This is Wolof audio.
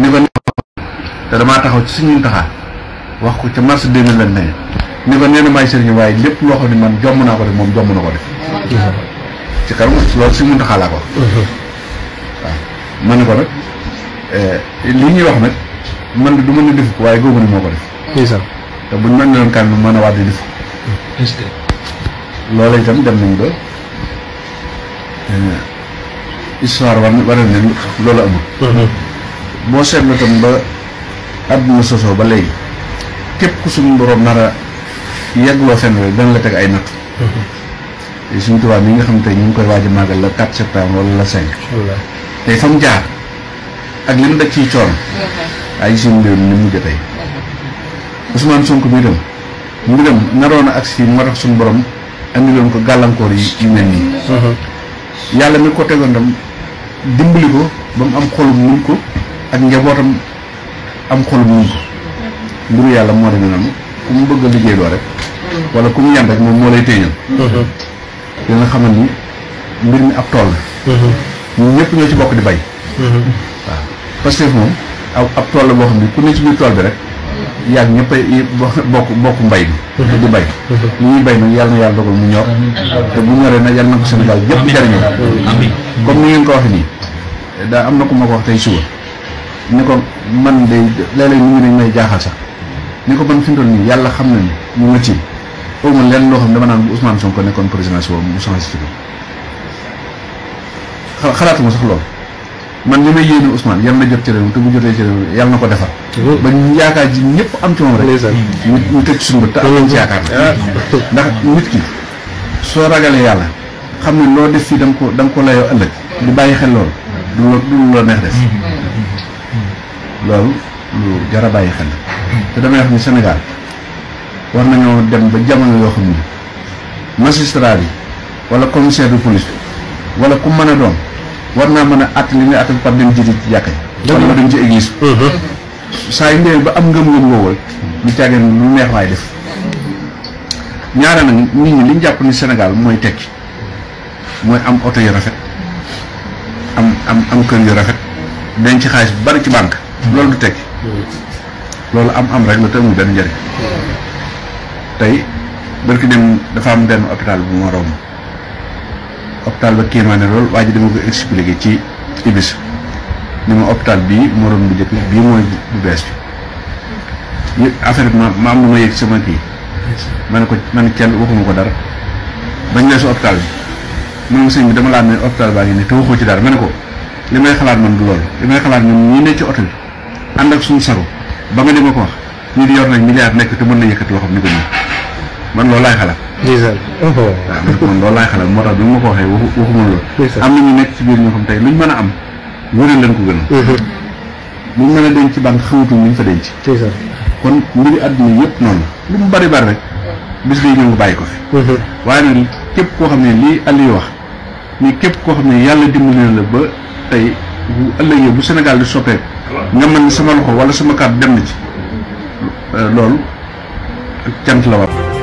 ni ko te damaa taxaw wax ko ca mars 2021 ni ko nee na maay sëriñ waaye lépp loo xam ne man jomm naa ko def moom jomm na ko def ci kanam loolu suñu taxaa laa ko wax waaw ne ko nag eh, li ñuy wax nag man du mën a def ko waaye góobu ne moo ko def te buñ mën ne loon kan mën a waat di loolu loola itam dem nañ ba eh, histoire war na ne loolu amul mhm. boo seetlu tam ba àdduna sosoo ba léegi képp ku suñu borom nar a yeggloo fenn rek dana la teg ay natt. suñu tubaab yi nga xam te ñu ngi koy waaj a màggal la 4 septembre wala la 5. tey fa mu jaar ak li mu daj ciy coon. Mhm. ay suñu réew ni mujj tey. Mhm. Ousmane Sonko bi dem mbiram naroon na ak si moo tax suñu borom andiloon ko gàllankoor yi yu mel nii. Mhm. yàlla mi ko tegoon dam dimbali ko ba mu am xolum muñ ko. ak njabootam am xol bu mbiru yàlla moo demee noonu ku mu bëgg a liggéey loo rek wala ku mu yan rek moom moo lay téeñal mhm. dina xamal ni mbir mi ab tool la mhm. ñëpp ñoo ci bokk di bay mhm. waaw parce que moom tool la boo xam ne ku ne ci tool bi rek yàgg ñëpp bokk bokk mbay bi di bay li bay nag yàlla na yàlla dogal mu ñor te bu ñoree nag yàlla na ko Sénégal yëpp jariñoo comme ni ngeen ko waxee nii daa am na ku ma ko wax tey suba ni ko man de léeg-léeg nit ñi dañ may jaaxal sax ni ko man fi mu toll nii yàlla xam na ni mu ma ci au ma leen loo xam ne dama naan bu Ousmane Sonko nekkoon président si mu changé si biir xalaatuma sax loolu man li may yéene Ousmane yal na ci réew te bu jotee ci réew yal na ko defar. ba ñu yaakaar ji ñëpp am ci moom rek. nit ñu tëj suñu bët te am ci yaakaar ndax nit ki soo ragalee yàlla xam ne loo def fii da nga ko da nga ko layoo ëllëg di bàyyi xel loolu. du loo du loo neex def. Mm-hmm. loolu lu jar a bàyyi xel te damay wax ni Sénégal war nañoo dem ba jamono yoo xam ni magistrat bi wala commissaire de police wala ku mën a doon war naa mën a att li nga attal par dem jëli ci jàkka yi saa yu ndeel ba am ngëm-ngëm woowu rek ñu caageen lu neex waay def ñaare nag nit ñi li ñu jàpp ni Sénégal mooy tekki mooy am oto yu rafet am am am kër yu rafet ci xaalis bu bari ci bànk loolu du tekki loolu am am rek la te amul benn njëriñ tey barki dem dafa am dem hôpital bu ma romb hôpital ba kéemaane loolu waa ji dama ko expliqué ci ibis ni ma bii moo doon bu njëkk bii mooy bu bees bi yëpp bi ma ma am lu ma yëg sama kii ma ne ko ma ne kenn waxuma ko dara bañ ne su hôpital bi man sëñ bi dama laa ne hôpital baa ngi ne te waxoo ci dara ma ne ko li may xalaat man du loolu li may xalaat man ñii ne ci oto bi ànd ak suñu ba nga di ma ko wax ñu di yor nañ milliard nekk te mën na yëkkati waxam ni ko nii man loolu laay xalaat. moo tax bi ma ko waxee waxu waxuma loolu. am na ñu nekk ci biir ñoo xam tey luñ mën a am wëral leen ko gënal. luñ mën a ci banque xamatuñ luñ fa denc. kon mbiri àdduna yëpp noonu lu mu bari bari rek bis day ñëw nga bàyyi ko fi. waaye nag képp koo xam ne lii Aliou wax ni képp koo xam ne yàlla dimbali na la ba tey. bu ëllëgee bu senegal di soppeeku. nga mën ni sama loxo wala sama kàddu dem na ci loolu cant la war.